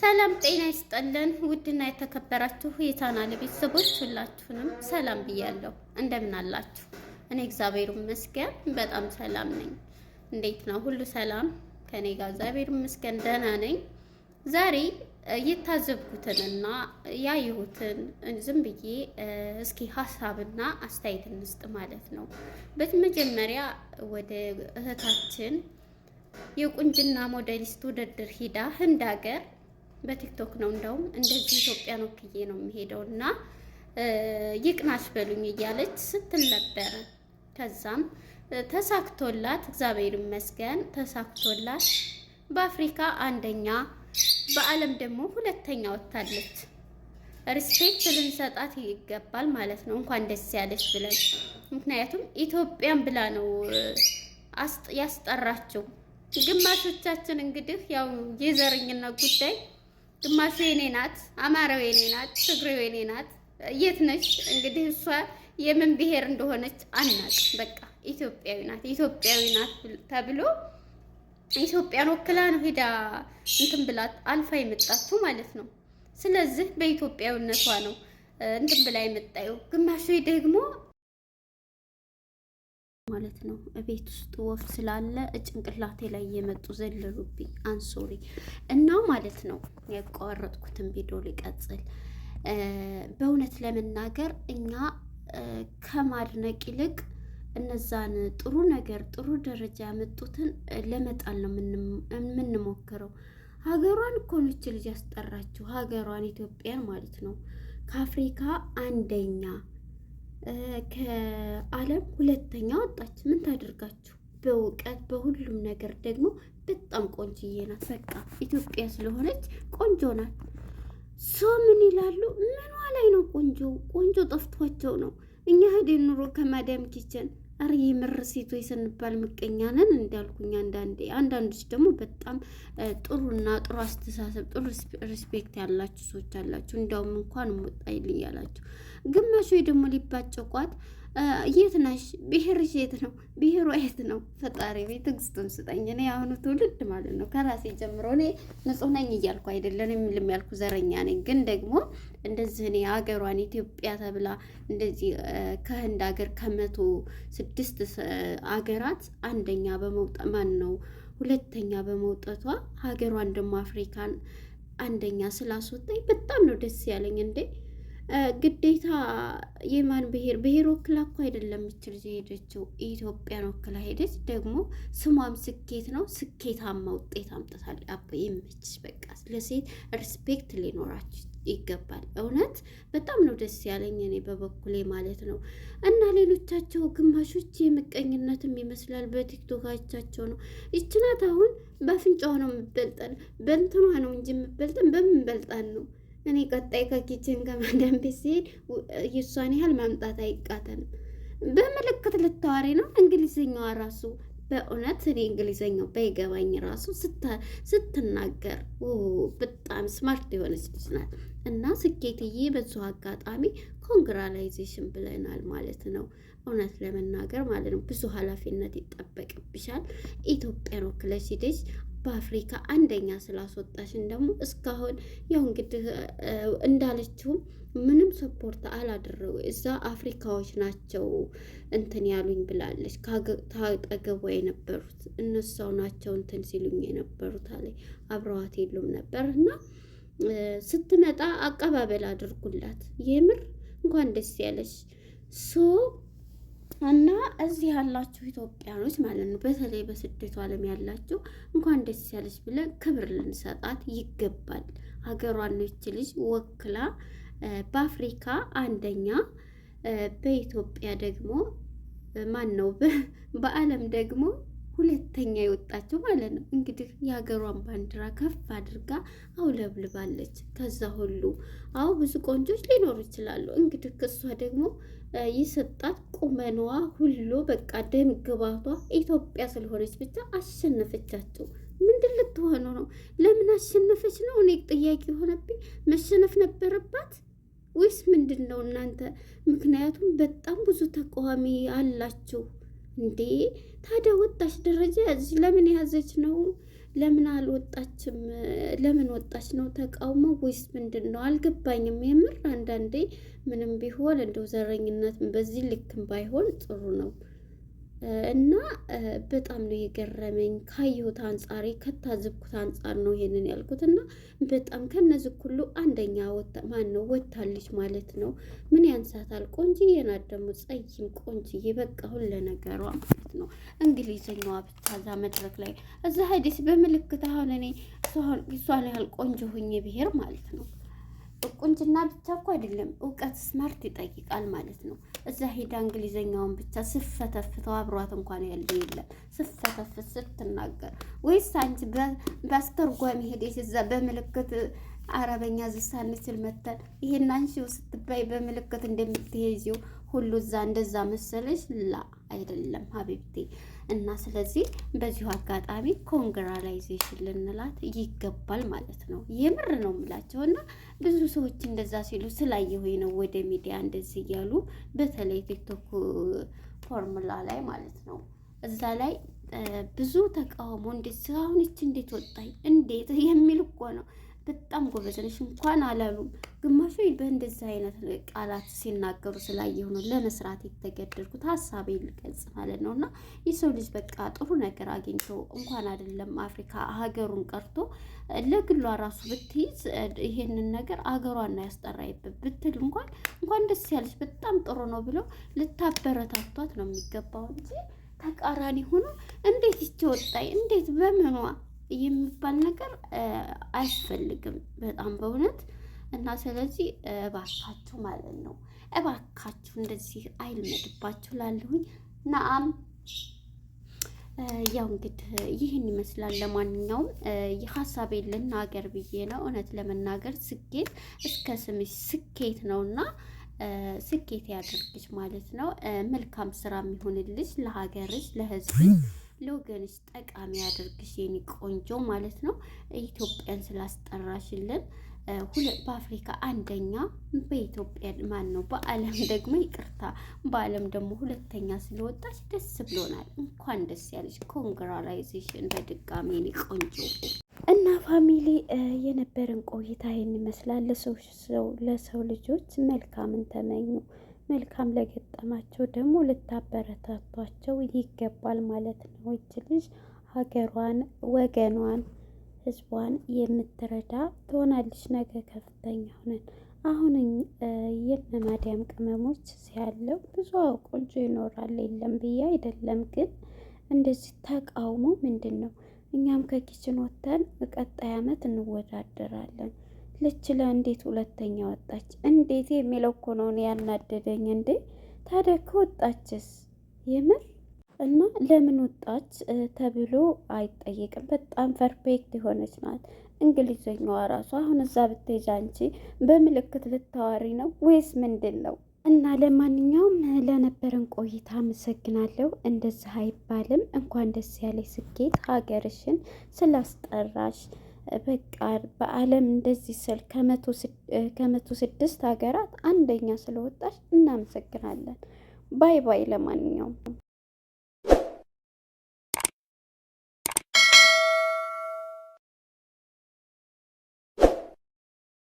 ሰላም ጤና ይስጠልን። ውድና የተከበራችሁ የቻናል ቤተሰቦች ሁላችሁንም ሰላም ብያለሁ። እንደምን አላችሁ? እኔ እግዚአብሔር ይመስገን በጣም ሰላም ነኝ። እንዴት ነው? ሁሉ ሰላም ከኔ ጋር እግዚአብሔር ይመስገን ደህና ነኝ። ዛሬ የታዘብኩትንና ያየሁትን ዝም ብዬ እስኪ ሀሳብና አስተያየት እንስጥ ማለት ነው። በመጀመሪያ ወደ እህታችን የቁንጅና ሞዴሊስት ውድድር ሂዳ ህንድ ሀገር በቲክቶክ ነው እንደውም እንደዚህ ኢትዮጵያን ወክዬ ነው የሚሄደው እና ይቅናሽ በሉኝ እያለች ስትል ነበረ። ከዛም ተሳክቶላት እግዚአብሔር ይመስገን ተሳክቶላት በአፍሪካ አንደኛ በዓለም ደግሞ ሁለተኛ ወጥታለች። ሪስፔክት ልንሰጣት ይገባል ማለት ነው። እንኳን ደስ ያለች ብለን ምክንያቱም ኢትዮጵያን ብላ ነው ያስጠራችው። ግማሾቻችን እንግዲህ ያው የዘረኝነት ጉዳይ ግማሹ የኔ ናት፣ አማራው የኔ ናት፣ ትግሬው የኔ ናት። የት ነች እንግዲህ እሷ የምን ብሔር እንደሆነች አናት በቃ ኢትዮጵያዊ ናት፣ ኢትዮጵያዊ ናት ተብሎ ኢትዮጵያን ወክላ ነው ሄዳ እንትን ብላት አልፋ የመጣችሁ ማለት ነው። ስለዚህ በኢትዮጵያዊነቷ ነው እንትን ብላ የመጣዩ ግማሹ ደግሞ ማለት ነው። እቤት ውስጥ ወፍ ስላለ ጭንቅላቴ ላይ የመጡ ዘለሉብኝ። አንሶሪ እና ማለት ነው ያቋረጥኩትን ቪዲዮ ሊቀጽል በእውነት ለመናገር እኛ ከማድነቅ ይልቅ እነዛን ጥሩ ነገር ጥሩ ደረጃ ያመጡትን ለመጣል ነው የምንሞክረው። ሀገሯን ኮኖች ልጅ ያስጠራችሁ ሀገሯን ኢትዮጵያን ማለት ነው ከአፍሪካ አንደኛ ከዓለም ሁለተኛ ወጣች። ምን ታደርጋችሁ? በእውቀት በሁሉም ነገር ደግሞ በጣም ቆንጅዬ ናት። በቃ ኢትዮጵያ ስለሆነች ቆንጆ ናት። ሶ ምን ይላሉ? ምኗ ላይ ነው ቆንጆ ቆንጆ ጠፍቷቸው ነው። እኛ ህዴን ኑሮ ከማዳም ኪችን አረ የምር ሴቶች ስንባል ምቀኛ ነን እንዳልኩኝ፣ አንዳንዴ አንዳንዶች ደግሞ በጣም ጥሩና ጥሩ አስተሳሰብ ጥሩ ሪስፔክት ያላችሁ ሰዎች አላችሁ። እንዲያውም እንኳን ሞጣ ይልኝ ያላችሁ ግማሽ ወይ ደግሞ ሊባጭ ቋት የት ነሽ? ብሔርሽ የት ነው? ብሄሩ የት ነው? ፈጣሪ ቤት ትዕግስቱን ስጠኝ። እኔ አሁኑ ትውልድ ማለት ነው ከራሴ ጀምሮ እኔ ንጹህ ነኝ እያልኩ አይደለን የሚልም ያልኩ ዘረኛ ነኝ፣ ግን ደግሞ እንደዚህ እኔ ሀገሯን ኢትዮጵያ ተብላ እንደዚህ ከህንድ ሀገር ከመቶ ስድስት ሀገራት አንደኛ በመውጣ ማን ነው ሁለተኛ በመውጠቷ ሀገሯን ደግሞ አፍሪካን አንደኛ ስላስወጣኝ በጣም ነው ደስ ያለኝ እንዴ ግዴታ የማን ብሄር ብሄር ወክላ እኮ አይደለም ምችል ሄደችው፣ ኢትዮጵያን ወክላ ሄደች። ደግሞ ስሟም ስኬት ነው። ስኬታማ ውጤት አምጥታል። አ ይመችሽ። በቃ ለሴት ሪስፔክት ሊኖራች ይገባል። እውነት በጣም ነው ደስ ያለኝ እኔ በበኩሌ ማለት ነው። እና ሌሎቻቸው ግማሾች የምቀኝነትም ይመስላል በቲክቶካቻቸው ነው። ይችናት አሁን በአፍንጫዋ ነው የምበልጠን፣ በእንትኗ ነው እንጂ የምበልጠን በምንበልጠን ነው እኔ ቀጣይ ከኪችን ከመደንብ ሲሄድ የእሷን ያህል ማምጣት አይቃተንም። በምልክት ልታወሪ ነው እንግሊዝኛዋ ራሱ በእውነት እኔ እንግሊዘኛው በይገባኝ ራሱ ስትናገር በጣም ስማርት የሆነች ልጅ ናት። እና ስኬትዬ በዚሁ አጋጣሚ ኮንግራላይዜሽን ብለናል ማለት ነው። እውነት ለመናገር ማለት ነው ብዙ ኃላፊነት ይጠበቅብሻል። ኢትዮጵያን ወክለሽ ሂደሽ በአፍሪካ አንደኛ ስላስወጣሽን ደግሞ እስካሁን ያው እንግዲህ እንዳለችውም ምንም ሰፖርት አላደረጉ እዛ አፍሪካዎች ናቸው እንትን ያሉኝ ብላለች። ታጠገቧ የነበሩት እነሳው ናቸው እንትን ሲሉኝ የነበሩት አለ አብረዋት የሉም ነበር እና ስትመጣ አቀባበል አድርጉላት። የምር እንኳን ደስ ያለሽ ሶ እና እዚህ ያላችሁ ኢትዮጵያኖች ማለት ነው፣ በተለይ በስደቱ ዓለም ያላችሁ እንኳን ደስ ያለች ብለን ክብር ልንሰጣት ይገባል። ሀገሯን ነች ልጅ ወክላ በአፍሪካ አንደኛ፣ በኢትዮጵያ ደግሞ ማን ነው በዓለም ደግሞ ሁለተኛ የወጣችው ማለት ነው። እንግዲህ የሀገሯን ባንዲራ ከፍ አድርጋ አውለብልባለች። ከዛ ሁሉ አዎ ብዙ ቆንጆች ሊኖሩ ይችላሉ። እንግዲህ ከሷ ደግሞ የሰጣት ቁመኗ ሁሉ በቃ ደም ግባቷ ኢትዮጵያ ስለሆነች ብቻ አሸነፈቻቸው። ምንድን ልትሆኑ ነው? ለምን አሸነፈች ነው እኔ ጥያቄ የሆነብኝ። መሸነፍ ነበረባት ወይስ ምንድን ነው እናንተ? ምክንያቱም በጣም ብዙ ተቃዋሚ አላችሁ። እንዴ ታዲያ ወጣች ደረጃ ያዘች። ለምን ያዘች ነው? ለምን አልወጣችም? ለምን ወጣች ነው ተቃውሞ ወይስ ምንድን ነው? አልገባኝም። የምር አንዳንዴ ምንም ቢሆን እንደው ዘረኝነት በዚህ ልክም ባይሆን ጥሩ ነው። እና በጣም ነው የገረመኝ። ካየሁት አንጻሬ ከታዘብኩት አንጻር ነው ይሄንን ያልኩት። እና በጣም ከነዚህ ሁሉ አንደኛ ማን ነው ወታለች ማለት ነው። ምን ያንሳታል? ቆንጅዬ ናት ደግሞ ጸይም ቆንጅዬ፣ በቃ ሁለ ነገሯ ማለት ነው። እንግሊዝኛዋ ብቻ እዛ መድረክ ላይ እዛ ሀዲስ በምልክት አሁን እኔ እሷን ያህል ቆንጆ ሁኜ ብሄር ማለት ነው ቁንጅና ብቻ እኮ አይደለም፣ እውቀት ስማርት ይጠይቃል ማለት ነው። እዛ ሄዳ እንግሊዘኛውን ብቻ ስፈተፍተው አብሯት እንኳን ያለ የለም። ስፈተፍት ስትናገር ወይስ አንቺ በአስተርጓሚ ሄደሽ እዛ በምልክት አረበኛ ስል መተን ይሄን አንሺው ስትባይ በምልክት እንደምትሄጂው ሁሉ እዛ እንደዛ መሰለሽ? ላ አይደለም ሀቢብቴ እና ስለዚህ በዚሁ አጋጣሚ ኮንግራላይዜሽን ልንላት ይገባል ማለት ነው። የምር ነው የምላቸው እና ብዙ ሰዎች እንደዛ ሲሉ ስላየሁኝ ነው ወደ ሚዲያ እንደዚህ እያሉ በተለይ ቲክቶክ ፎርሙላ ላይ ማለት ነው እዛ ላይ ብዙ ተቃውሞ እንዴት አሁን እች እንዴት ወጣኝ እንዴት የሚል እኮ ነው። በጣም ጎበዝ ነሽ እንኳን አላሉም። ግማሹ በእንደዚህ አይነት ቃላት ሲናገሩ ስላየሁ ነው ለመስራት የተገደድኩት ሀሳቤ ልገልጽ ማለት ነው። እና የሰው ልጅ በቃ ጥሩ ነገር አግኝቶ እንኳን አይደለም አፍሪካ ሀገሩን ቀርቶ ለግሏ ራሱ ብትይዝ ይሄንን ነገር አገሯና ያስጠራይበት ብትል እንኳን እንኳን ደስ ያለች በጣም ጥሩ ነው ብለው ልታበረታቷት ነው የሚገባው እንጂ ተቃራኒ ሆኖ እንዴት ይቺ ወጣይ እንዴት በምኗ የሚባል ነገር አያስፈልግም በጣም በእውነት እና ስለዚህ እባካችሁ ማለት ነው እባካችሁ እንደዚህ አይልመድባችሁ ላለሁኝ ናአም ያው እንግዲህ ይህን ይመስላል። ለማንኛውም የሀሳቤ ልናገር ብዬ ነው። እውነት ለመናገር ስኬት እስከ ስምሽ ስኬት ነውና ስኬት ያደርግሽ ማለት ነው። መልካም ስራ የሚሆንልሽ ለሀገርሽ፣ ለህዝብ። ለወገንሽ ጠቃሚ ያደርግሽ የኔ ቆንጆ ማለት ነው። ኢትዮጵያን ስላስጠራሽልን ሁለት በአፍሪካ አንደኛ በኢትዮጵያ ማን ነው? በዓለም ደግሞ ይቅርታ፣ በዓለም ደግሞ ሁለተኛ ስለወጣች ደስ ብሎናል። እንኳን ደስ ያለች ኮንግራላይዜሽን በድጋሚ የኔ ቆንጆ እና ፋሚሊ የነበረን ቆይታ ይህን ይመስላል። ለሰው ለሰው ልጆች መልካምን ተመኙ። መልካም ለገጠማቸው ደግሞ ልታበረታቷቸው ይገባል ማለት ነው። ይች ልጅ ሀገሯን፣ ወገኗን፣ ህዝቧን የምትረዳ ትሆናለች ነገ ከፍተኛ ሆነን። አሁን ማዲያም ቅመሞች ሲያለው ብዙ ቆንጆ ይኖራል የለም ብዬ አይደለም፣ ግን እንደዚህ ተቃውሞ ምንድን ነው? እኛም ከኪችን ወጥተን ቀጣይ አመት እንወዳደራለን። ልችላ እንዴት ሁለተኛ ወጣች? እንዴት የሚለው እኮ ነው ያናደደኝ። እንዴ ታዲያ ከወጣችስ የምር እና ለምን ወጣች ተብሎ አይጠየቅም። በጣም ፐርፌክት የሆነች ናት። እንግሊዘኛዋ ራሱ አሁን እዛ ብትሄጂ አንቺ በምልክት ልታዋሪ ነው ወይስ ምንድን ነው? እና ለማንኛውም ለነበረን ቆይታ አመሰግናለሁ። እንደዚህ አይባልም። እንኳን ደስ ያለ ስኬት ሀገርሽን ስላስጠራሽ በቃ በዓለም እንደዚህ ስል ከመቶ ስድስት ሀገራት አንደኛ ስለወጣች እናመሰግናለን። ባይ ባይ። ለማንኛውም